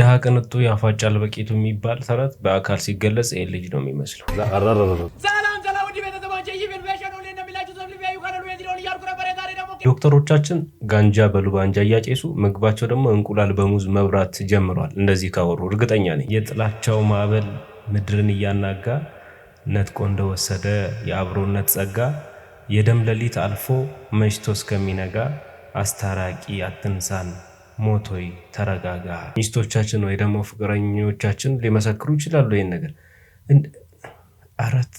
የድሀ ቅንጡ ያፋጫል በቂቱ የሚባል ተረት በአካል ሲገለጽ ይህ ልጅ ነው የሚመስለው። ዶክተሮቻችን ጋንጃ በሉባንጃ እያጨሱ ምግባቸው ደግሞ እንቁላል በሙዝ መብራት ጀምሯል። እንደዚህ ካወሩ እርግጠኛ ነኝ የጥላቻው ማዕበል ምድርን እያናጋ ነጥቆ እንደወሰደ የአብሮነት ጸጋ የደም ሌሊት አልፎ መሽቶ እስከሚነጋ አስታራቂ አትንሳን ሞቶይ ተረጋጋ። ሚስቶቻችን ወይ ደግሞ ፍቅረኞቻችን ሊመሰክሩ ይችላሉ ይህን ነገር አረት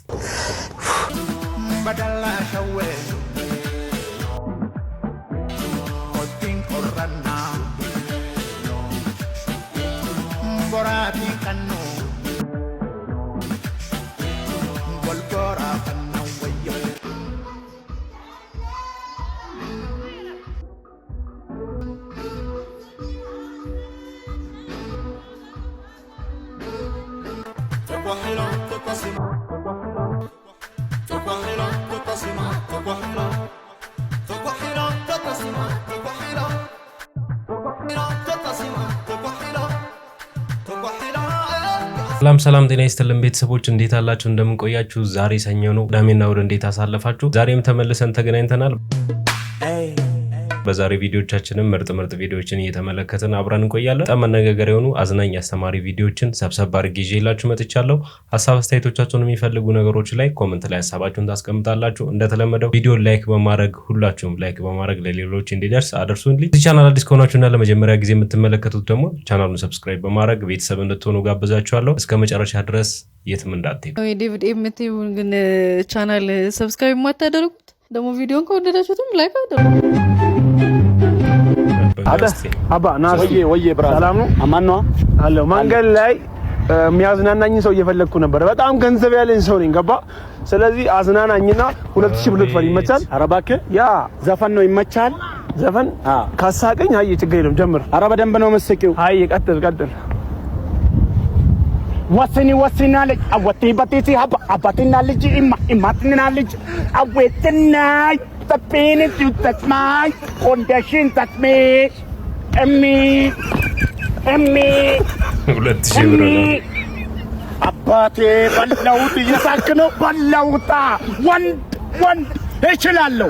ሰላም ሰላም፣ ጤና ይስጥልን ቤተሰቦች እንዴት አላችሁ? እንደምንቆያችሁ። ዛሬ ሰኞ ነው። ቅዳሜና እሑድ እንዴት አሳለፋችሁ? ዛሬም ተመልሰን ተገናኝተናል። በዛሬ ቪዲዮቻችንም ምርጥ ምርጥ ቪዲዮችን እየተመለከትን አብረን እንቆያለን። በጣም መነጋገር የሆኑ አዝናኝ አስተማሪ ቪዲዮችን ሰብሰብ አድርጌ ይዤላችሁ መጥቻለሁ። ሀሳብ አስተያየቶቻችሁን የሚፈልጉ ነገሮች ላይ ኮመንት ላይ ሀሳባችሁን ታስቀምጣላችሁ። እንደተለመደው ቪዲዮ ላይክ በማድረግ ሁላችሁም ላይክ በማድረግ ለሌሎች እንዲደርስ አደርሱልኝ። እዚህ ቻናል አዲስ ከሆናችሁና ለመጀመሪያ ጊዜ የምትመለከቱት ደግሞ ቻናሉን ሰብስክራይብ በማድረግ ቤተሰብ እንድትሆኑ ጋብዛችኋለሁ። እስከ መጨረሻ ድረስ የትም እንዳትሄዱ። ዴቪድ የምትይው ግን ቻናል ሰብስክራይብ የማታደርጉት ደግሞ ቪዲዮን ከወደዳችሁትም ላይክ አደርጉ። አባ ና ወዬ ሰላም ነው አማን ነው አለው። መንገድ ላይ የሚያዝናናኝ ሰው እየፈለግኩ ነበር። በጣም ገንዘብ ያለኝ ሰው ነኝ ገባ። ስለዚህ አዝናናኝና ሁለት ሺህ ብሎ ትፈል ይመቻል። ኧረ እባክህ ያ ዘፈን ነው ይመቻል። ዘፈን ካሳቀኝ አይ ችግር የለም ጀምር። ኧረ በደንብ ነው መስቂው። አይ ቀጥል ቀጥል ወስኒ ወስና ልጅ አወቴ በቴቴ አባቴና ልጅ ኢማ እማትና ልጅ አዌትና Penis juttat mig und እሚ እሚ ሁለት ሺህ ብር አባቴ እየሳክ ነው። ወንድ ወንድ እችላለሁ።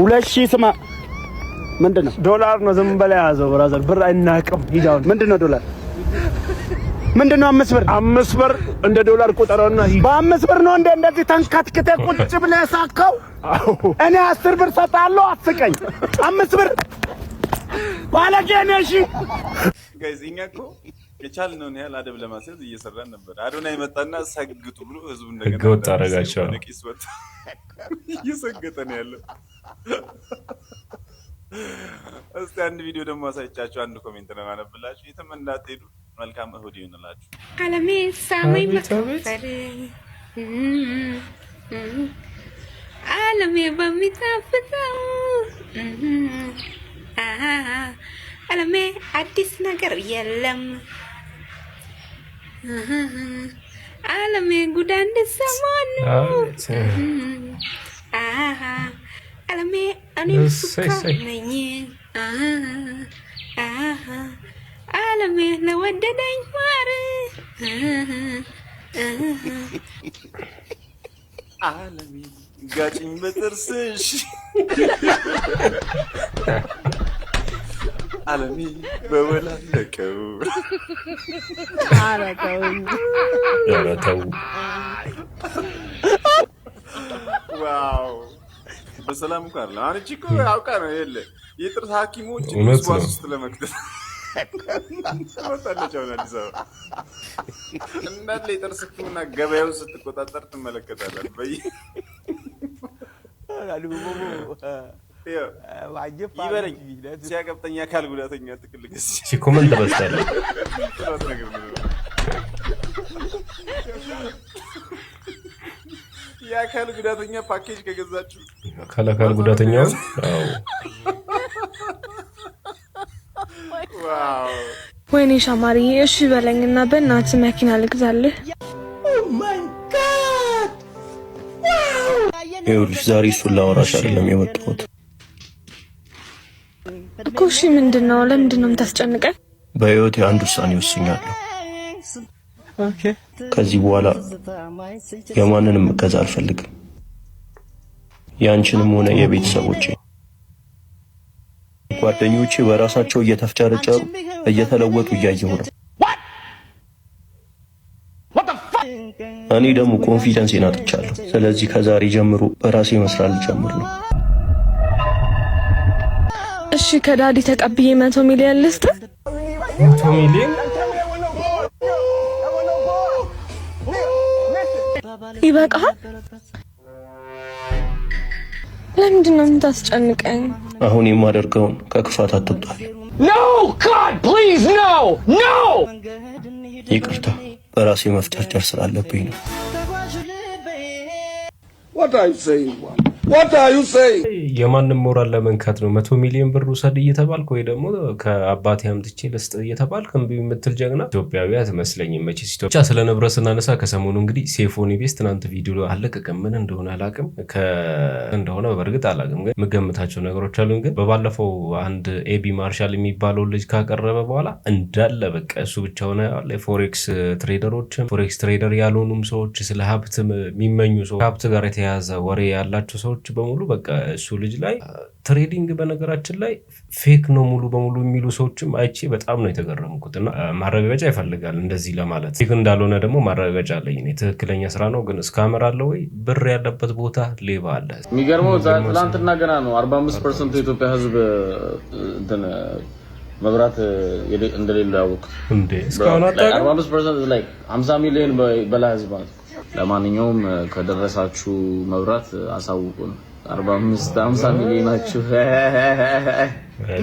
ሁለት ሺህ ስማ፣ ምንድን ነው ዶላር ነው። ዝም በላ ያዘው ብራዘር፣ ብር አይናቅም። ምንድን ነው ዶላር ምንድነው? አምስት ብር አምስት ብር እንደ ዶላር ቁጠረውና በአምስት ብር ነው እንደ እንደዚህ ተንከትክተ ቁጭ ብለህ ሳካው። እኔ አስር ብር ሰጣለሁ፣ አስቀኝ። አምስት ብር ባለጌ ነህ። እሺ ጋይዝ፣ እኛ እኮ የቻልነውን ያህል አደብ ለማስያዝ እየሰራን ነበር። አዶናይ መጣና ሰግጡ ብሎ ህዝቡ እንደገና ህገወጥ አደረጋቸው። ነቂስ ወጥ እየሰገጠ ነው ያለው። እስቲ አንድ ቪዲዮ ደግሞ አሳይቻቸው። አንድ ኮሜንት ነው ማነብላችሁ። የትም እንዳትሄዱ Welcome to you na lahat. Kalamis, samay mo. Alam mo ba mi tapos? Alam eh mm-hmm. artist na karyalam. Alam eh gudan de sa mano. Alam eh ane suka na ዓለም ለወደደኝ ማር ዓለም ጋጭኝ በጥርስሽ ዓለም በወላለቀው አረቀው ያረተው ዋው በሰላም እንኳን አሁን እቺ እኮ አውቃ ነው የለ የጥርስ ሐኪሞች ስዋስ ውስጥ ለመክተት ትመጣለች። አሁን አዲስ አበባ እንዳለ የጥርስ ሕክምና ገበያውን ስትቆጣጠር ትመለከታለን። በይ ይበለኝ አካል ጉዳተኛ ትክልግ ሲኮመን ተበስታለ የአካል ጉዳተኛ ፓኬጅ ከገዛችሁ አካል አካል ጉዳተኛውን ወይኔ ሻማርዬ፣ እሺ በለኝና በእናትህ መኪና ልግዛልህ። oh ይኸውልሽ ዛሬ እሱን ላወራሽ አይደለም የመጣሁት እኮ። እሺ ምንድን ነው? ለምንድን ነው የምታስጨንቀኝ? በህይወቴ አንድ ውሳኔ ወስኛለሁ። ከዚህ በኋላ የማንንም እገዛ አልፈልግም፣ ያንቺንም ሆነ የቤተሰቦቼ ጓደኞቼ በራሳቸው እየተፍጨረጨሩ እየተለወጡ እያየሁ ነው። እኔ ደግሞ ኮንፊደንስ ይናጥቻለሁ። ስለዚህ ከዛሬ ጀምሮ በራሴ መስራት ልጀምር ነው። እሺ ከዳዲ ተቀብዬ መቶ ሚሊዮን ልስጥ። መቶ ሚሊዮን ይበቃል። ለምንድን ነው የምታስጨንቀኝ? አሁን የማደርገውን ከክፋት አትጣል። ኖ ጋድ ፕሊዝ ኖ ኖ። ይቅርታ በራሴ መፍጨርጨር ስላለብኝ ነው። የማንም ሞራል ለመንካት ነው። መቶ ሚሊዮን ብር ውሰድ እየተባልክ ወይ ደግሞ ከአባቴ አምጥቼ ልስጥ እየተባልክ እምቢ የምትል ጀግና ኢትዮጵያዊ አትመስለኝም። መቼ ብቻ ስለ ንብረት ስናነሳ ከሰሞኑ እንግዲህ ሴፎኒ ቤስ ትናንት ቪዲዮ አለቀቅም። ምን እንደሆነ አላቅም፣ እንደሆነ በእርግጥ አላቅም፣ ግን የምገምታቸው ነገሮች አሉ። ግን በባለፈው አንድ ኤቢ ማርሻል የሚባለው ልጅ ካቀረበ በኋላ እንዳለ በቃ እሱ ብቻ ሆነ። ፎሬክስ ትሬደሮችም ፎሬክስ ትሬደር ያልሆኑም ሰዎች ስለ ሀብት የሚመኙ ሰው ከሀብት ጋር የተያያዘ ወሬ ያላቸው ሰው ሰዎች በሙሉ በቃ እሱ ልጅ ላይ ትሬዲንግ በነገራችን ላይ ፌክ ነው ሙሉ በሙሉ የሚሉ ሰዎችም አይቼ በጣም ነው የተገረምኩት። እና ማረጋገጫ ይፈልጋል እንደዚህ ለማለት ፌክ እንዳልሆነ ደግሞ ማረጋገጫ አለኝ። ትክክለኛ ስራ ነው ግን እስካመር አለ ወይ ብር ያለበት ቦታ ሌባ አለ። የሚገርመው ትላንትና ገና ነው አርባ አምስት የኢትዮጵያ ህዝብ መብራት እንደሌለ ያወቅ እስካሁን አምሳ ሚሊዮን በላይ ህዝብ ማለት ለማንኛውም ከደረሳችሁ መብራት አሳውቁን። አርባ አምስት ሀምሳ ሚሊዮን ናችሁ።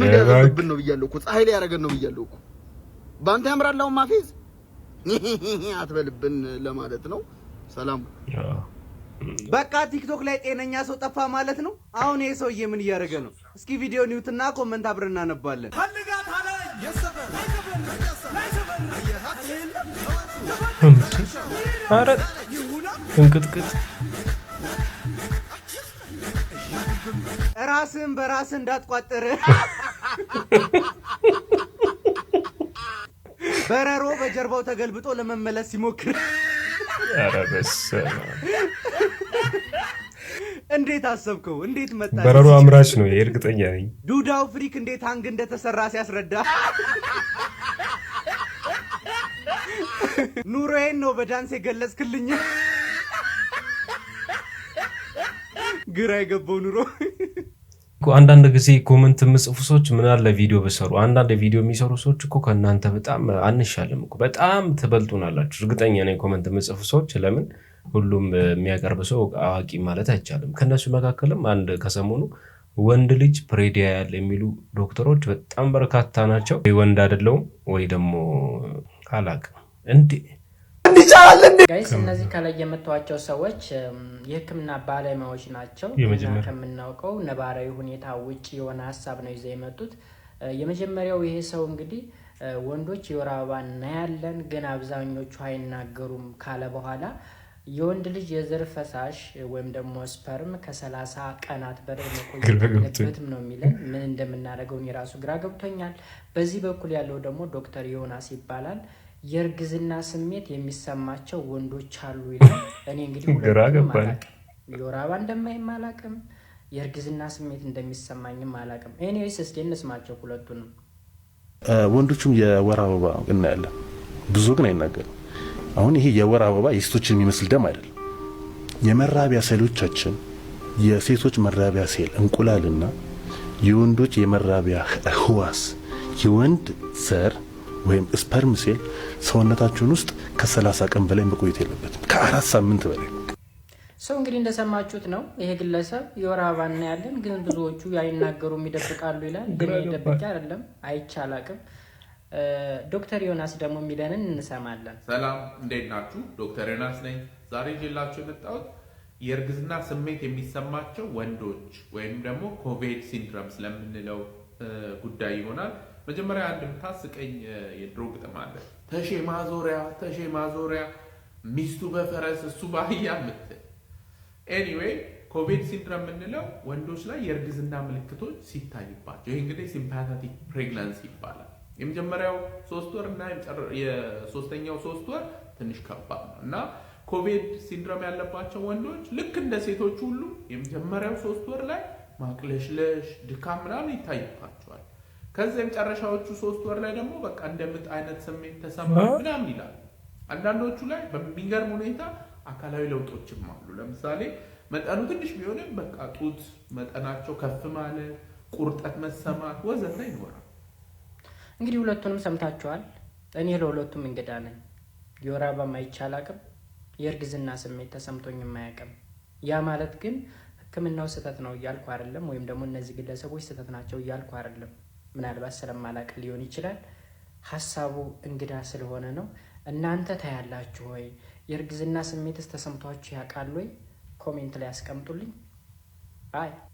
ምን ያደረግብን ነው ብያለሁ እኮ ፀሐይ ላይ ያደረገን ነው ብያለሁ እኮ። በአንተ ያምራል። አሁን ማፌዝ አትበልብን ለማለት ነው። ሰላም በቃ ቲክቶክ ላይ ጤነኛ ሰው ጠፋ ማለት ነው። አሁን ይሄ ሰውዬ ምን እያደረገ ነው? እስኪ ቪዲዮ ኒውትና ኮመንት አብረን እናነባለን። ኧረ እንቅጥቅጥ ራስን በራስ እንዳትቋጥር በረሮ በጀርባው ተገልብጦ ለመመለስ ሲሞክር እንዴት አሰብከው? እንዴት መጣ? በረሮ አምራች ነው የእርግጠኛ ነኝ። ዱዳው ፍሪክ እንዴት አንግ እንደተሰራ ሲያስረዳ ኑሮዬን ነው በዳንስ የገለጽክልኝ። ግራ የገባው ኑሮ አንዳንድ ጊዜ ኮመንት የምጽፉ ሰዎች ምናለ ቪዲዮ ብሰሩ። አንዳንድ ቪዲዮ የሚሰሩ ሰዎች እኮ ከእናንተ በጣም አንሻልም፣ በጣም ትበልጡናላችሁ። እርግጠኛ ነኝ ኮመንት የምጽፉ ሰዎች ለምን ሁሉም የሚያቀርብ ሰው አዋቂ ማለት አይቻልም። ከእነሱ መካከልም አንድ ከሰሞኑ ወንድ ልጅ ፕሬዲያ ያለ የሚሉ ዶክተሮች በጣም በርካታ ናቸው። ወይ ወንድ አይደለውም ወይ ደግሞ አላቅም እንዴ አንድ ጋይስ? እነዚህ ከላይ የምታዋቸው ሰዎች የህክምና ባለሙያዎች ናቸው። ከምናውቀው ነባራዊ ሁኔታ ውጭ የሆነ ሀሳብ ነው ይዘው የመጡት። የመጀመሪያው ይሄ ሰው እንግዲህ ወንዶች የወር አበባ እናያለን ግን አብዛኞቹ አይናገሩም ካለ በኋላ የወንድ ልጅ የዘር ፈሳሽ ወይም ደግሞ ስፐርም ከሰላሳ ቀናት በላይ መቆየትም ነው የሚለን። ምን እንደምናደርገውን የራሱ ግራ ገብቶኛል። በዚህ በኩል ያለው ደግሞ ዶክተር ዮናስ ይባላል። የእርግዝና ስሜት የሚሰማቸው ወንዶች አሉ ይላል። እኔ እንግዲህ ሁለቱንም የወር አበባ እንደማይም አላቅም፣ የእርግዝና ስሜት እንደሚሰማኝም አላቅም። ኤኒዌይስ እስኪ እንስማቸው ሁለቱንም። ወንዶቹም የወር አበባ እናያለን፣ ብዙ ግን አይናገርም። አሁን ይሄ የወር አበባ የሴቶችን የሚመስል ደም አይደለም። የመራቢያ ሴሎቻችን የሴቶች መራቢያ ሴል እንቁላልና የወንዶች የመራቢያ ህዋስ የወንድ ዘር ወይም ስፐርም ሴል ሰውነታችሁን ውስጥ ከሰላሳ ቀን በላይ መቆየት የለበትም፣ ከአራት ሳምንት በላይ ሰው እንግዲህ እንደሰማችሁት ነው። ይሄ ግለሰብ የወር አበባ እናያለን፣ ግን ብዙዎቹ አይናገሩም፣ ይደብቃሉ ይላል። ግን ይደብቅ አይደለም አይቻላቅም። ዶክተር ዮናስ ደግሞ የሚለንን እንሰማለን። ሰላም እንዴት ናችሁ? ዶክተር ዮናስ ነኝ። ዛሬ ይዤላችሁ የመጣሁት የእርግዝና ስሜት የሚሰማቸው ወንዶች ወይም ደግሞ ኮቬድ ሲንድረም ስለምንለው ጉዳይ ይሆናል። መጀመሪያ አንድ የምታስቀኝ የድሮ ግጥም አለ። ተሼ ማዞሪያ ተሼ ማዞሪያ ሚስቱ በፈረስ እሱ በአህያ ምትል። ኤኒዌይ ኮቪድ ሲንድረም የምንለው ወንዶች ላይ የእርግዝና ምልክቶች ሲታይባቸው፣ ይህ እንግዲህ ሲምፓታቲክ ፕሬግናንሲ ይባላል። የመጀመሪያው ሶስት ወር እና የሶስተኛው ሶስት ወር ትንሽ ከባድ ነው እና ኮቪድ ሲንድሮም ያለባቸው ወንዶች ልክ እንደ ሴቶች ሁሉ የመጀመሪያው ሶስት ወር ላይ ማቅለሽለሽ፣ ድካም ምናምን ይታይባቸዋል። ከዚያ የመጨረሻዎቹ ሶስት ወር ላይ ደግሞ በቃ እንደምጥ አይነት ስሜት ተሰማ ምናምን ይላል። አንዳንዶቹ ላይ በሚገርም ሁኔታ አካላዊ ለውጦችም አሉ። ለምሳሌ መጠኑ ትንሽ ቢሆንም በቃ ጡት መጠናቸው ከፍ ማለት፣ ቁርጠት መሰማት ወዘተ ይኖራል። እንግዲህ ሁለቱንም ሰምታችኋል። እኔ ለሁለቱም እንግዳ ነኝ። የወር አበባ አቅም የእርግዝና ስሜት ተሰምቶኝ የማያቅም ያ ማለት ግን ሕክምናው ስህተት ነው እያልኩ አይደለም፣ ወይም ደግሞ እነዚህ ግለሰቦች ስህተት ናቸው እያልኩ አይደለም። ምናልባት ስለማላቅ ሊሆን ይችላል። ሀሳቡ እንግዳ ስለሆነ ነው። እናንተ ታያላችሁ ወይ? የእርግዝና ስሜትስ ተሰምቷችሁ ያውቃል ወይ? ኮሜንት ላይ ያስቀምጡልኝ።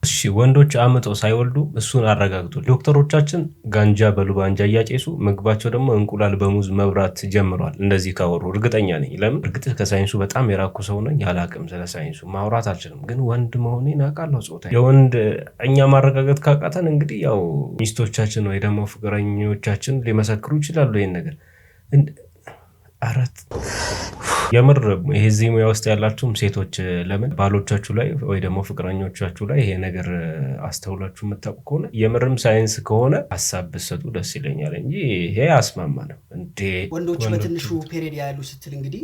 እሺ ወንዶች አምጠው ሳይወልዱ እሱን አረጋግጡ። ዶክተሮቻችን ጋንጃ በሉባንጃ እያጨሱ ምግባቸው ደግሞ እንቁላል በሙዝ መብራት ጀምሯል። እንደዚህ ካወሩ እርግጠኛ ነኝ። ለምን እርግጥ ከሳይንሱ በጣም የራኩ ሰው ነኝ፣ አላቅም። ስለ ሳይንሱ ማውራት አልችልም፣ ግን ወንድ መሆኔን አውቃለሁ። ጾታ የወንድ እኛ ማረጋገጥ ካቃተን እንግዲህ ያው ሚስቶቻችን ወይ ደግሞ ፍቅረኞቻችን ሊመሰክሩ ይችላሉ ይህን ነገር አረት የምር ይሄ ሙያ ውስጥ ያላችሁም ሴቶች ለምን ባሎቻችሁ ላይ ወይ ደግሞ ፍቅረኞቻችሁ ላይ ይሄ ነገር አስተውላችሁ የምታውቁ ከሆነ የምርም ሳይንስ ከሆነ ሀሳብ ብትሰጡ ደስ ይለኛል እንጂ ይሄ አስማማ ነው እንዴ ወንዶች በትንሹ ፔሬድ ያሉ ስትል እንግዲህ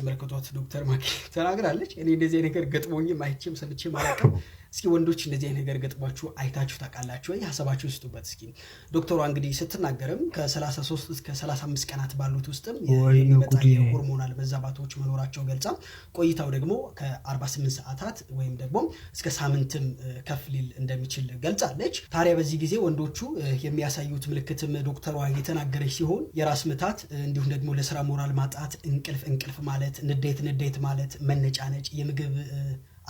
ተመልክቷት ዶክተር ማኪ ተናግራለች። እኔ እንደዚህ ነገር ገጥሞኝም አይቼም ሰምቼም አላውቅም። እስኪ ወንዶች እንደዚህ አይነት ነገር ገጥሟችሁ አይታችሁ ታውቃላችሁ ወይ? ሀሳባችሁ ይስጡበት። እስኪ ዶክተሯ እንግዲህ ስትናገርም ከ33 እስከ 35 ቀናት ባሉት ውስጥም የሚመጣ የሆርሞናል መዛባቶች መኖራቸው ገልጻ ቆይታው ደግሞ ከ48 ሰዓታት ወይም ደግሞ እስከ ሳምንትም ከፍ ሊል እንደሚችል ገልጻለች። ታዲያ በዚህ ጊዜ ወንዶቹ የሚያሳዩት ምልክትም ዶክተሯ የተናገረች ሲሆን የራስ ምታት፣ እንዲሁም ደግሞ ለስራ ሞራል ማጣት፣ እንቅልፍ እንቅልፍ ማለት፣ ንዴት ንዴት ማለት፣ መነጫነጭ፣ የምግብ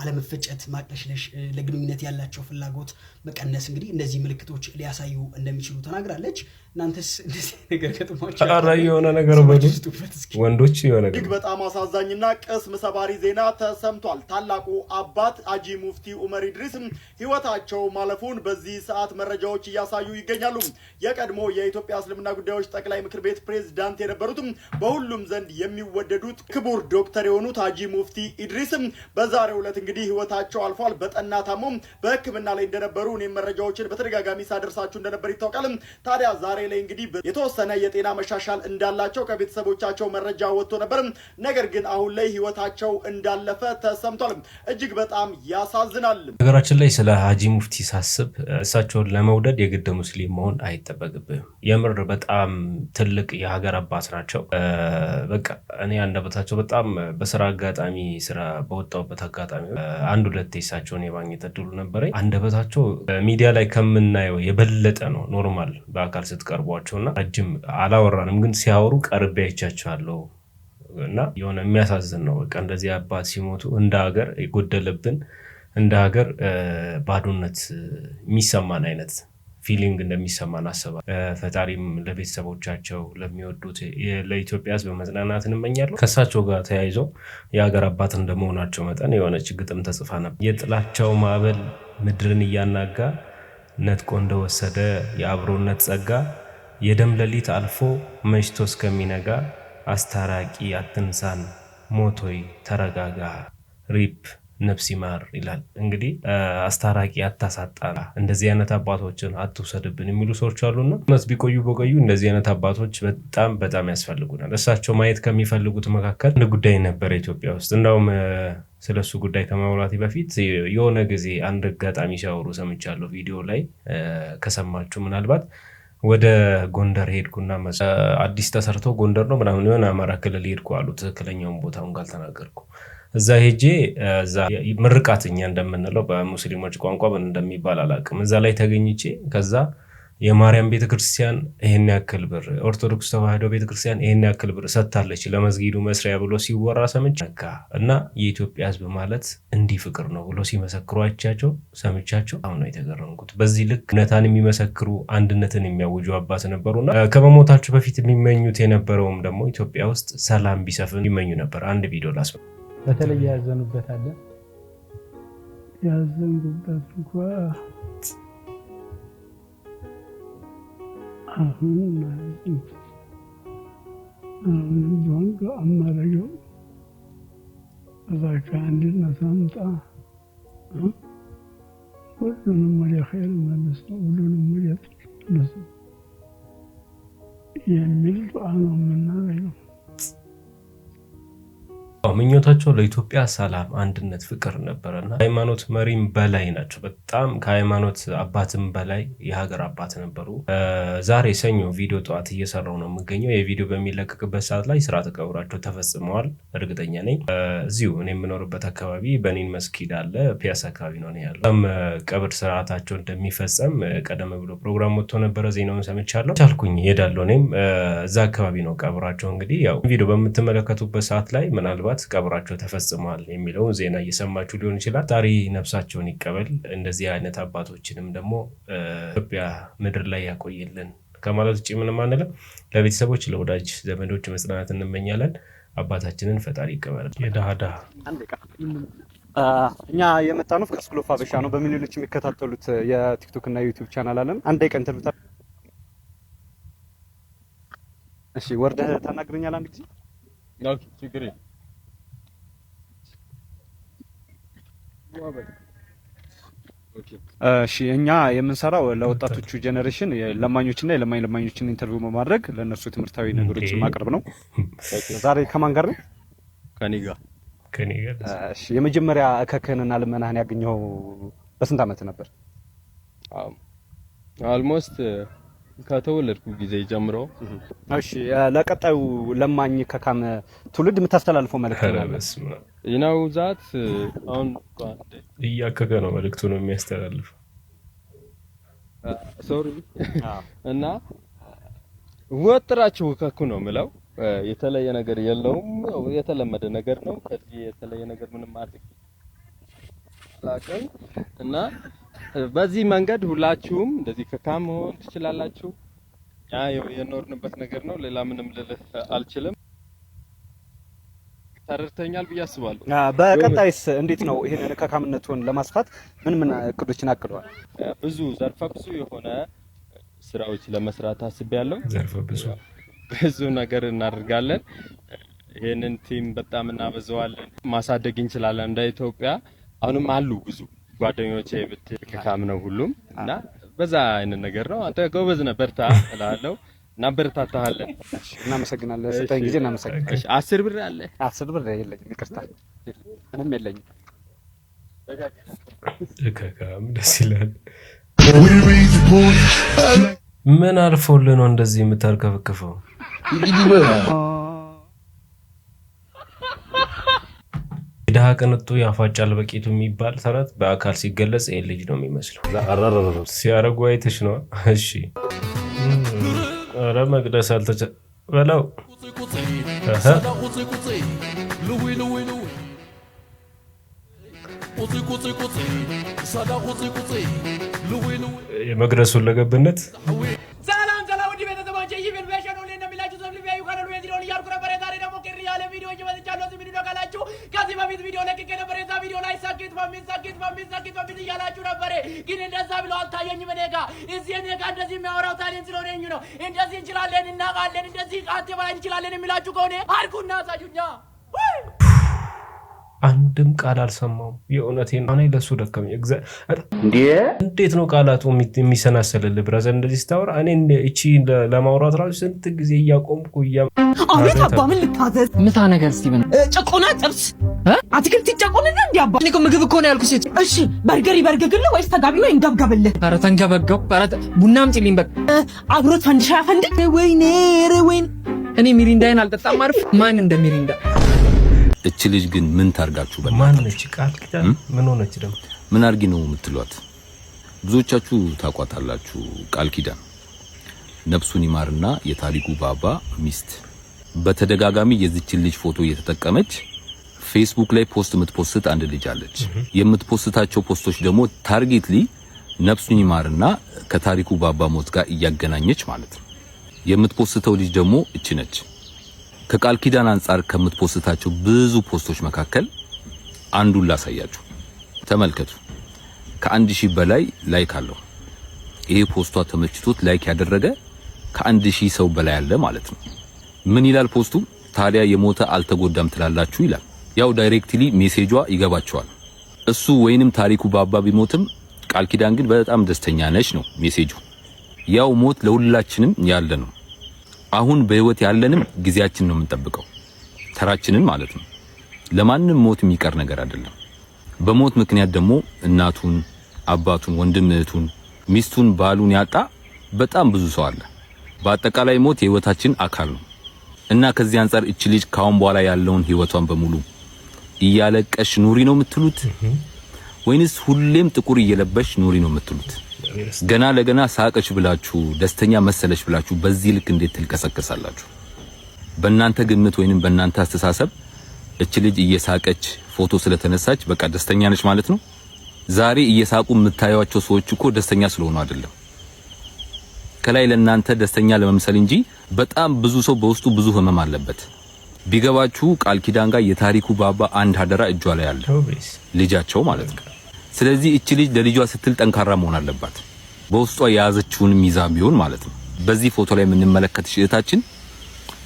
አለመፈጨት፣ ማቅለሽለሽ፣ ለግንኙነት ያላቸው ፍላጎት መቀነስ እንግዲህ እነዚህ ምልክቶች ሊያሳዩ እንደሚችሉ ተናግራለች። እናንተስ እንደዚህ ነገር ገጥሟቸው የሆነ ነገር ወንዶች የሆነ እጅግ በጣም አሳዛኝና ቅስም ሰባሪ ዜና ተሰምቷል። ታላቁ አባት አጂ ሙፍቲ ኡመር ኢድሪስ ህይወታቸው ማለፉን በዚህ ሰዓት መረጃዎች እያሳዩ ይገኛሉ። የቀድሞ የኢትዮጵያ እስልምና ጉዳዮች ጠቅላይ ምክር ቤት ፕሬዝዳንት የነበሩትም በሁሉም ዘንድ የሚወደዱት ክቡር ዶክተር የሆኑት አጂ ሙፍቲ ኢድሪስ በዛሬው ዕለት እንግዲህ ህይወታቸው አልፏል። በጠና ታሞም በህክምና ላይ እንደነበሩ እኔም መረጃዎችን በተደጋጋሚ ሳደርሳችሁ እንደነበር ይታወቃል። ታዲያ ዛሬ ላይ እንግዲህ የተወሰነ የጤና መሻሻል እንዳላቸው ከቤተሰቦቻቸው መረጃ ወጥቶ ነበር። ነገር ግን አሁን ላይ ህይወታቸው እንዳለፈ ተሰምቷል። እጅግ በጣም ያሳዝናል። ነገራችን ላይ ስለ ሀጂ ሙፍቲ ሳስብ እሳቸውን ለመውደድ የግድ ሙስሊም መሆን አይጠበቅብም። የምር በጣም ትልቅ የሀገር አባት ናቸው። በቃ እኔ አንደበታቸው በጣም በስራ አጋጣሚ ስራ በወጣሁበት አጋጣሚ አንድ ሁለት የሳቸውን የማግኘት እድሉ ነበረኝ። አንደበታቸው ሚዲያ ላይ ከምናየው የበለጠ ነው። ኖርማል በአካል ስትቀርቧቸውና ረጅም አላወራንም፣ ግን ሲያወሩ ቀርቤ አይቻቸዋለሁ እና የሆነ የሚያሳዝን ነው። በቃ እንደዚህ አባት ሲሞቱ እንደ ሀገር የጎደለብን እንደ ሀገር ባዶነት የሚሰማን አይነት ፊሊንግ እንደሚሰማን አስባል። ፈጣሪም ለቤተሰቦቻቸው ለሚወዱት ለኢትዮጵያ ሕዝብ መጽናናት እንመኛለሁ። ከእሳቸው ጋር ተያይዘው የሀገር አባት እንደመሆናቸው መጠን የሆነች ግጥም ተጽፋ ነበር። የጥላቸው ማዕበል ምድርን እያናጋ ነጥቆ እንደወሰደ የአብሮነት ጸጋ የደም ሌሊት አልፎ መሽቶ እስከሚነጋ አስታራቂ አትንሳን ሞቶይ ተረጋጋ ሪፕ ነፍስ ይማር ይላል። እንግዲህ አስታራቂ አታሳጣ፣ እንደዚህ አይነት አባቶችን አትውሰድብን የሚሉ ሰዎች አሉና እውነት ቢቆዩ በቆዩ እንደዚህ አይነት አባቶች በጣም በጣም ያስፈልጉናል። እሳቸው ማየት ከሚፈልጉት መካከል አንድ ጉዳይ ነበረ ኢትዮጵያ ውስጥ ስለ ስለሱ ጉዳይ ከማውራቴ በፊት የሆነ ጊዜ አንድ አጋጣሚ ሲያወሩ ሰምቻለሁ። ቪዲዮ ላይ ከሰማችሁ ምናልባት ወደ ጎንደር ሄድኩና አዲስ ተሰርቶ ጎንደር ነው ምናምን የሆነ አማራ ክልል ሄድኩ አሉ። ትክክለኛውን ቦታውን ካልተናገርኩ እዛ ሄጄ እዛ ምርቃት እኛ እንደምንለው በሙስሊሞች ቋንቋ እንደሚባል አላውቅም። እዛ ላይ ተገኝቼ ከዛ የማርያም ቤተክርስቲያን ይህን ያክል ብር፣ ኦርቶዶክስ ተዋህዶ ቤተክርስቲያን ይህን ያክል ብር ሰጥታለች ለመስጊዱ መስሪያ ብሎ ሲወራ ሰምቼ ጋ እና የኢትዮጵያ ሕዝብ ማለት እንዲህ ፍቅር ነው ብሎ ሲመሰክሯቻቸው ሰምቻቸው አሁን ነው የተገረምኩት። በዚህ ልክ እውነታን የሚመሰክሩ አንድነትን የሚያውጁ አባት ነበሩ ነበሩና ከመሞታቸው በፊት የሚመኙት የነበረውም ደግሞ ኢትዮጵያ ውስጥ ሰላም ቢሰፍን ይመኙ ነበር። አንድ ቪዲዮ ላስ በተለይ ያዘኑበት አለ። ያዘንጉበት እንኳ አሁን ማለት አሁን ቢሆን በአማረገው እባክህ አንድነት አምጣ፣ ሁሉንም ወደ ኸይር መልሰው፣ ሁሉንም ወደ ጥሩ መልሰው የሚል ዱዓ ነው የምናደርገው። ምኞታቸው ለኢትዮጵያ ሰላም፣ አንድነት፣ ፍቅር ነበረና ሃይማኖት መሪም በላይ ናቸው። በጣም ከሃይማኖት አባትም በላይ የሀገር አባት ነበሩ። ዛሬ ሰኞ ቪዲዮ ጠዋት እየሰራው ነው የምገኘው። የቪዲዮ በሚለቀቅበት ሰዓት ላይ ስርዓተ ቀብራቸው ተፈጽመዋል እርግጠኛ ነኝ። እዚሁ እኔ የምኖርበት አካባቢ በኒን መስኪድ አለ፣ ፒያሳ አካባቢ ነው ያለው። በጣም ቀብር ስርዓታቸው እንደሚፈጸም ቀደም ብሎ ፕሮግራም ወጥቶ ነበረ፣ ዜናውን ሰምቻለሁ። ቻልኩኝ ሄዳለሁ እኔም እዛ አካባቢ ነው ቀብራቸው። እንግዲህ ያው ቪዲዮ በምትመለከቱበት ሰዓት ላይ ምናልባት ምናልባት ቀብራቸው ተፈጽሟል የሚለውን ዜና እየሰማችሁ ሊሆን ይችላል። ጣሪ ነፍሳቸውን ይቀበል። እንደዚህ አይነት አባቶችንም ደግሞ ኢትዮጵያ ምድር ላይ ያቆይልን ከማለት ውጭ ምንም አንልም። ለቤተሰቦች ለወዳጅ ዘመዶች መጽናናት እንመኛለን። አባታችንን ፈጣሪ ይቀበል። የዳዳ እኛ የመጣ ነው ከስኩል ነው። በሚሊዮኖች የሚከታተሉት የቲክቶክ እና ዩቲዩብ ቻናል አለን። አንድ ቀን ተብታ እሺ፣ ወርደህ ታናግረኛል አንድ ጊዜ እሺ እኛ የምንሰራው ለወጣቶቹ ጄኔሬሽን ለማኞችና የለማኝ ለማኞችን ኢንተርቪው በማድረግ ለእነሱ ትምህርታዊ ነገሮችን ማቅረብ ነው። ዛሬ ከማን ጋር ነው? ከኔ ጋር። የመጀመሪያ እከክህንና ልመናህን ያገኘው በስንት ዓመት ነበር? አልሞስት ከተወለድኩ ጊዜ ጀምሮ። እሺ፣ ለቀጣዩ ለማኝ ከካመ ትውልድ የምታስተላልፈው መልእክት ነው? ይናው ዛት አሁን እያከከ ነው መልእክቱ ነው የሚያስተላልፈው። ሶሪ እና ወጥራችሁ ከኩ ነው ምለው። የተለየ ነገር የለውም። የተለመደ ነገር ነው። ከዚህ የተለየ ነገር ምንም አድርግ ላቀኝ እና በዚህ መንገድ ሁላችሁም እንደዚህ ከካም መሆን ትችላላችሁ። ያ የኖርንበት ነገር ነው። ሌላ ምንም ልልህ አልችልም። ተረድተኛል ብዬ አስባለሁ። በቀጣይስ እንዴት ነው ይሄን ከካምነቱን ለማስፋት ምን ምን እቅዶችን አቅደዋል? ብዙ ዘርፈ ብዙ የሆነ ስራዎች ለመስራት አስቤያለሁ። ዘርፈ ብዙ ብዙ ነገር እናደርጋለን። ይሄንን ቲም በጣም እናበዛዋለን፣ ማሳደግ እንችላለን። እንደ ኢትዮጵያ አሁንም አሉ ብዙ ጓደኞቼ ብትል ካም ነው ሁሉም እና በዛ አይነት ነገር ነው። አንተ ጎበዝ ነህ በርታ እላለሁ እና በርታታለን። እናመሰግናለን። ስጠኝ ጊዜ እናመሰግናለን። አስር ብር አለ አስር ብር የለኝም፣ ይቅርታ ምንም የለኝም። ከካም ደስ ይላል። ምን አልፎልህ ነው እንደዚህ የምታርከፍክፈው? ድሃ ቅንጡ ያፋጫል በቂቱ የሚባል ተረት በአካል ሲገለጽ ይህ ልጅ ነው የሚመስለው። ሲያረጉ አይተሽ ነዋ። እሺ፣ ኧረ መቅደስ አልተቸ በለው የመቅደሱን ለገብነት ሳኬት በሚል ሳኬት በሚል ሳኬት በሚል እያላችሁ ነበረ፣ ግን እንደዛ ብለው አልታየኝም። እኔ ጋ እዚህ እኔ ጋ እንደዚህ የሚያወራው ታሌን ስለሆነኝ ነው። እንደዚህ እንችላለን፣ እናቃለን፣ እንደዚህ ቃቴ ባይ እንችላለን የሚላችሁ ከሆነ አድርጉና አሳዩኛ። አንድም ቃል አልሰማውም። የእውነቴን ሆነ ለሱ ደከመኝ። እንዴት ነው ቃላቱ የሚሰናሰልል? ብራዘ እንደዚህ ስታወራ እኔ እቺ ለማውራት ራሱ ስንት ጊዜ እያቆምኩ እያ አቤት አባ ምን ልታዘዝ? ምሳ ነገር ስ ጭቁና ጥብስ አትክልት ይጨቆንና እንዲ አባ እኔ ምግብ እኮ ነው ያልኩ። ሴት እሺ በርገር ይበርግግል ወይስ ተጋቢ ወይ እንገብገብል? ኧረ ተንገበገብ ኧረ ቡናም ጭልኝ በቃ አብሮት ፈንድሻ ፈንድ ወይኔ ወይን እኔ ሚሪንዳይን አልጠጣም። አርፍ ማን እንደ ሚሪንዳ እች ልጅ ግን ምን ታርጋችሁ? በማንነች ቃል ኪዳን ምን ሆነች? ደግሞ ምን አርጊ ነው የምትሏት? ብዙዎቻችሁ ታቋታላችሁ። ቃል ኪዳን ነፍሱን ይማርና የታሪኩ ባባ ሚስት በተደጋጋሚ የዚች ልጅ ፎቶ እየተጠቀመች ፌስቡክ ላይ ፖስት የምትፖስት አንድ ልጅ አለች። የምትፖስታቸው ፖስቶች ደግሞ ታርጌትሊ ነፍሱን ይማርና ከታሪኩ ባባ ሞት ጋር እያገናኘች ማለት ነው። የምትፖስተው ልጅ ደግሞ እቺ ነች። ከቃል ኪዳን አንጻር ከምትፖስታቸው ብዙ ፖስቶች መካከል አንዱን ላሳያችሁ። ተመልከቱ። ከአንድ ሺህ በላይ ላይክ አለው። ይሄ ፖስቷ ተመችቶት ላይክ ያደረገ ከአንድ ሺህ ሰው በላይ አለ ማለት ነው። ምን ይላል ፖስቱ? ታዲያ የሞተ አልተጎዳም ትላላችሁ ይላል። ያው ዳይሬክትሊ ሜሴጇ ይገባቸዋል። እሱ ወይንም ታሪኩ ባባ ቢሞትም ቃል ኪዳን ግን በጣም ደስተኛ ነች ነው ሜሴጁ። ያው ሞት ለሁላችንም ያለ ነው። አሁን በህይወት ያለንም ጊዜያችን ነው የምንጠብቀው፣ ተራችንን ማለት ነው። ለማንም ሞት የሚቀር ነገር አይደለም። በሞት ምክንያት ደግሞ እናቱን፣ አባቱን፣ ወንድም እህቱን፣ ሚስቱን፣ ባሉን ያጣ በጣም ብዙ ሰው አለ። በአጠቃላይ ሞት የህይወታችን አካል ነው እና ከዚህ አንጻር እች ልጅ ካሁን በኋላ ያለውን ህይወቷን በሙሉ እያለቀሽ ኑሪ ነው የምትሉት ወይንስ ሁሌም ጥቁር እየለበሽ ኑሪ ነው የምትሉት? ገና ለገና ሳቀች ብላችሁ ደስተኛ መሰለች ብላችሁ በዚህ ልክ እንዴት ትልቀሰቀሳላችሁ? በእናንተ ግምት ወይንም በእናንተ አስተሳሰብ እች ልጅ እየሳቀች ፎቶ ስለተነሳች በቃ ደስተኛ ነች ማለት ነው። ዛሬ እየሳቁ የምታዩቸው ሰዎች እኮ ደስተኛ ስለሆኑ አይደለም። ከላይ ለእናንተ ደስተኛ ለመምሰል እንጂ በጣም ብዙ ሰው በውስጡ ብዙ ህመም አለበት። ቢገባችሁ ቃል ኪዳን ጋር የታሪኩ ባባ አንድ አደራ እጇ ላይ አለ፣ ልጃቸው ማለት ነው። ስለዚህ እቺ ልጅ ለልጇ ስትል ጠንካራ መሆን አለባት። በውስጧ የያዘችውን ሚዛ ቢሆን ማለት ነው። በዚህ ፎቶ ላይ የምንመለከትሽ እህታችን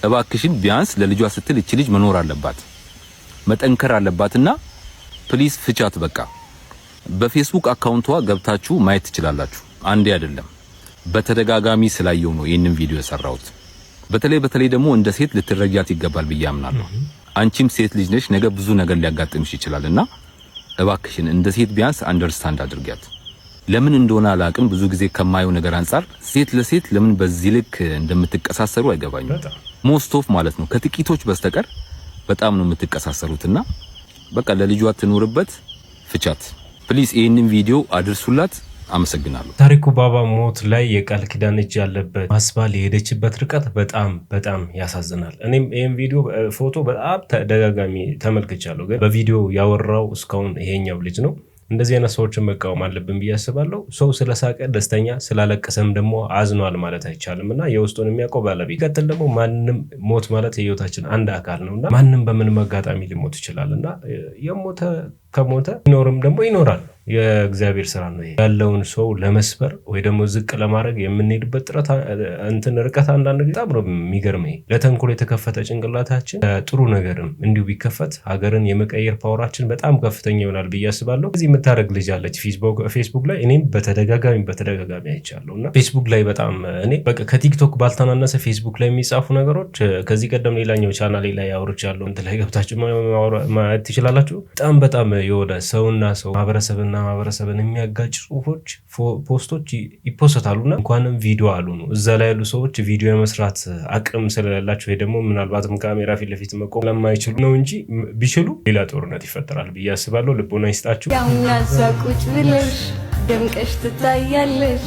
እባክሽን ቢያንስ ለልጇ ስትል እቺ ልጅ መኖር አለባት መጠንከር አለባትና ፕሊስ ፍቻት። በቃ በፌስቡክ አካውንቷ ገብታችሁ ማየት ትችላላችሁ። አንዴ አይደለም በተደጋጋሚ ስላየው ነው ይህንን ቪዲዮ የሰራሁት። በተለይ በተለይ ደግሞ እንደ ሴት ልትረጃት ይገባል ብዬ አምናለሁ። አንቺም ሴት ልጅ ነሽ፣ ነገ ብዙ ነገር ሊያጋጥምሽ ይችላልና እባክሽን እንደ ሴት ቢያንስ አንደርስታንድ አድርጊያት። ለምን እንደሆነ አላቅም። ብዙ ጊዜ ከማየው ነገር አንጻር ሴት ለሴት ለምን በዚህ ልክ እንደምትቀሳሰሩ አይገባኝም። ሞስቶፍ ማለት ነው ከጥቂቶች በስተቀር በጣም ነው የምትቀሳሰሩትና በቃ ለልጇ ትኖርበት፣ ፍቻት ፕሊዝ። ይህንን ቪዲዮ አድርሱላት። አመሰግናለሁ። ታሪኩ ባባ ሞት ላይ የቃል ኪዳን እጅ ያለበት ማስባል የሄደችበት ርቀት በጣም በጣም ያሳዝናል። እኔም ይህም ቪዲዮ ፎቶ በጣም ተደጋጋሚ ተመልክቻለሁ፣ ግን በቪዲዮ ያወራው እስካሁን ይሄኛው ልጅ ነው። እንደዚህ አይነት ሰዎችን መቃወም አለብን ብዬ አስባለሁ። ሰው ስለሳቀ ደስተኛ ስላለቀሰም ደግሞ አዝኗል ማለት አይቻልም እና የውስጡን የሚያውቀው ባለቤት። ይቀጥል ደግሞ ማንም ሞት ማለት የህይወታችን አንድ አካል ነው እና ማንም በምንም አጋጣሚ ሊሞት ይችላል እና የሞተ ከሞተ ይኖርም ደግሞ ይኖራል የእግዚአብሔር ስራ ነው። ያለውን ሰው ለመስበር ወይ ደግሞ ዝቅ ለማድረግ የምንሄድበት ጥረት እንትን ርቀት አንዳንድ ጊዜ በጣም ነው የሚገርመኝ። ለተንኮል የተከፈተ ጭንቅላታችን ጥሩ ነገርም እንዲሁ ቢከፈት ሀገርን የመቀየር ፓወራችን በጣም ከፍተኛ ይሆናል ብዬ አስባለሁ። እዚህ የምታደርግ ልጅ አለች ፌስቡክ ላይ እኔም በተደጋጋሚ በተደጋጋሚ አይቻለሁ እና ፌስቡክ ላይ በጣም እኔ በቃ ከቲክቶክ ባልተናነሰ ፌስቡክ ላይ የሚጻፉ ነገሮች ከዚህ ቀደም ሌላኛው ቻናሌ ላይ አውርቻለሁ። እንትን ላይ ገብታችሁ ማየት ትችላላችሁ። በጣም በጣም የሆነ ሰውና ሰው ማህበረሰብና እና ማህበረሰብን የሚያጋጭ ጽሁፎች፣ ፖስቶች ይፖሰታሉ እና እንኳንም ቪዲዮ አሉ ነው እዛ ላይ ያሉ ሰዎች ቪዲዮ የመስራት አቅም ስለሌላቸው ወይ ደግሞ ምናልባትም ካሜራ ፊት ለፊት መቆም ለማይችሉ ነው እንጂ ቢችሉ ሌላ ጦርነት ይፈጠራል ብዬ አስባለሁ። ልቦና ይስጣችሁ። ቁጭ ብለሽ ደምቀሽ ትታያለሽ።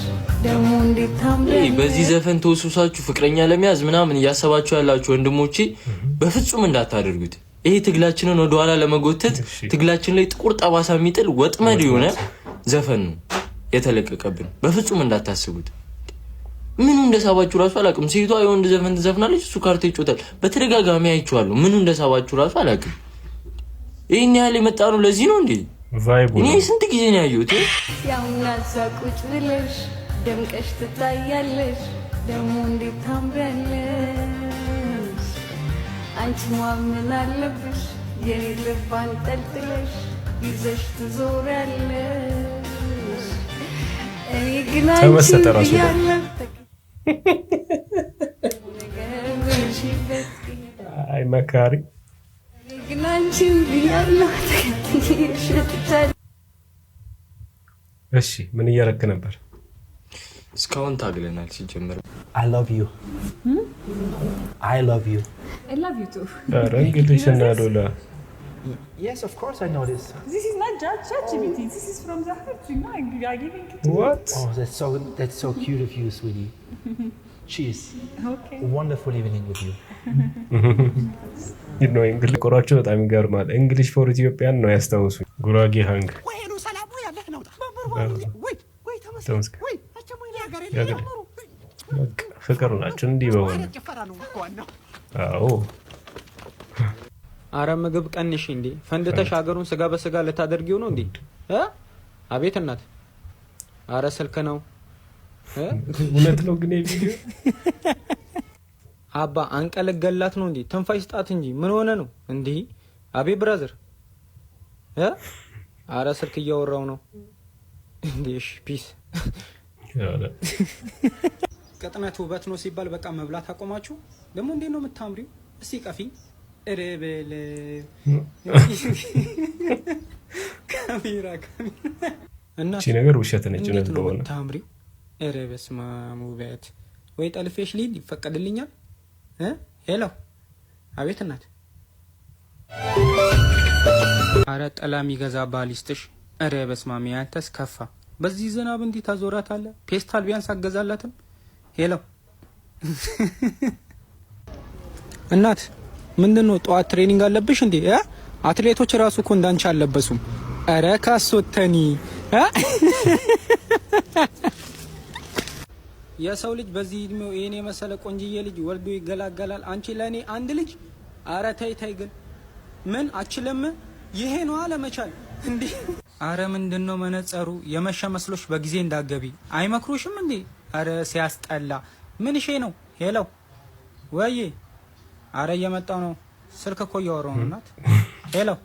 በዚህ ዘፈን ተወስውሳችሁ ፍቅረኛ ለመያዝ ምናምን እያሰባችሁ ያላችሁ ወንድሞቼ በፍጹም እንዳታደርጉት። ይሄ ትግላችንን ወደኋላ ለመጎተት ትግላችን ላይ ጥቁር ጠባሳ የሚጥል ወጥመድ የሆነ ዘፈን ነው የተለቀቀብን። በፍጹም እንዳታስቡት። ምኑ እንደሳባችሁ ራሱ አላውቅም። ሴቷ የወንድ ዘፈን ትዘፍናለች፣ እሱ ካርቶ ይጮታል። በተደጋጋሚ አይቼዋለሁ። ምኑ እንደሳባችሁ ራሱ አላውቅም። ይህን ያህል የመጣ ነው። ለዚህ ነው እንዴ እኔ ስንት ጊዜ ነው ያየሁት። ያሁና ቁጭ ብለሽ ደምቀሽ ትታያለሽ። ደግሞ እንዴት ታምሪያለሽ አንቺ ማምን አለብሽ የኔ ልብ አንጠልጥለሽ ይዘሽ ትዞሪያለሽ። እኔ ግን አንቺ አይ መካሪ እሺ ምን እያረክ ነበር? እስካሁን ታግለናል። ሲጀምር አይ ላቭ ዩ አይ ላቭ ዩ አይ ላቭ ዩ ቱ እንግዲህ ስናዶላ Yes, of course I know this. This is not ChatGPT. This is from the heart. You know, you are giving it to What? Oh, that's so, that's so cute of you, sweetie. Cheers. Okay. Wonderful evening with you. ነው እንግሊዝ ቆራቸው በጣም ይገርማል። እንግሊሽ ፎር ኢትዮጵያን ነው ያስታውሱ ጉራጌ ሃንግ ወይ ሰላም ወይ ያለህ ነው ፍቅር ናቸው እንዲህ በሆነ አዎ አረ ምግብ ቀንሽ እንዴ ፈንድተሽ ሀገሩን ስጋ በስጋ ልታደርጊው ነው እንዴ አቤት እናት አረ ስልክ ነው እውነት ነው ግን አባ አንቀልቅ ገላት ነው እንዴ ትንፋሽ ስጣት እንጂ ምን ሆነ ነው እንዲህ አቤ ብራዘር አረ ስልክ እያወራው ነው እንዴ ፒስ ቅጥነት ውበት ነው ሲባል በቃ መብላት አቆማችሁ። ደግሞ እንዴት ነው የምታምሪው? እስቲ ቀፊ ርብል ካሜራ እና ነገር ውሸት ነጭ ሆነ ታምሪው ረበስ ውበት ወይ ጠልፌሽ ሊል ይፈቀድልኛል። ሄሎ አቤት እናት አረ ጠላ የሚገዛ ባሊስትሽ ረበስ ማሚያተስ ከፋ በዚህ ዝናብ እንዲህ አለ ፔስታል ቢያንስ አገዛላትም። ሄለው እናት ምንድን ነው ጠዋት ትሬኒንግ አለብሽ እንዴ? አትሌቶች ራሱ እኮ እንዳንቺ አለበሱም። ኧረ ካሶተኒ የሰው ልጅ በዚህ እድሜው ይሄን የመሰለ ቆንጅዬ ልጅ ወልዶ ይገላገላል። አንቺ ለእኔ አንድ ልጅ። አረ ተይ ተይ፣ ግን ምን አችልም። ይሄ ነው አለመቻል እንዴ አረ ምንድን ነው መነጸሩ የመሸ መስሎች በጊዜ እንዳገቢ አይመክሩሽም እንዴ? አረ ሲያስጠላ ምንሼ ነው? ሄለው ወይ አረ እየመጣው ነው። ስልክ እኮ እያወራሁ ነው እናት። ሄለው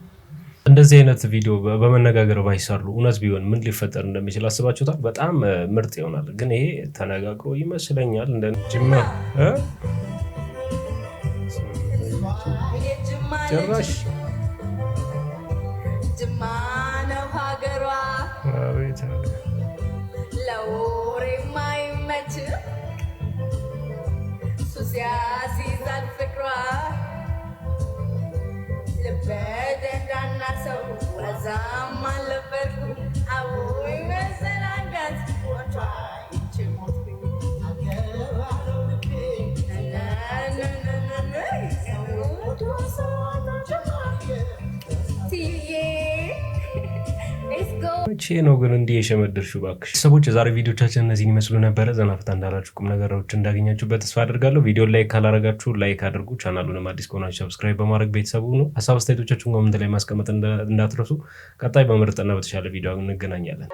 እንደዚህ አይነት ቪዲዮ በመነጋገር ባይሰሩ እውነት ቢሆን ምን ሊፈጠር እንደሚችል አስባችሁታል? በጣም ምርጥ ይሆናል። ግን ይሄ ተነጋግሮ ይመስለኛል እንደ ጅማ ጭራሽ ያሲዛል ፍቅሯ ልበ ደንዳና ሰው መቼ ነው ግን እንዲህ የሸመደርሽው? እባክሽ ሰዎች፣ የዛሬ ቪዲዮቻችን እነዚህን ይመስሉ ነበረ። ዘናፍታ እንዳላችሁ ቁም ነገሮች እንዳገኛችሁ በተስፋ አድርጋለሁ። ቪዲዮን ላይክ ካላረጋችሁ ላይክ አድርጉ። ቻናሉንም አዲስ ከሆናችሁ ሰብስክራይብ በማድረግ ቤተሰቡ ነው። ሀሳብ አስተያየቶቻችሁን ኮመንት ላይ ማስቀመጥ እንዳትረሱ። ቀጣይ በምርጥና በተሻለ ቪዲዮ እንገናኛለን።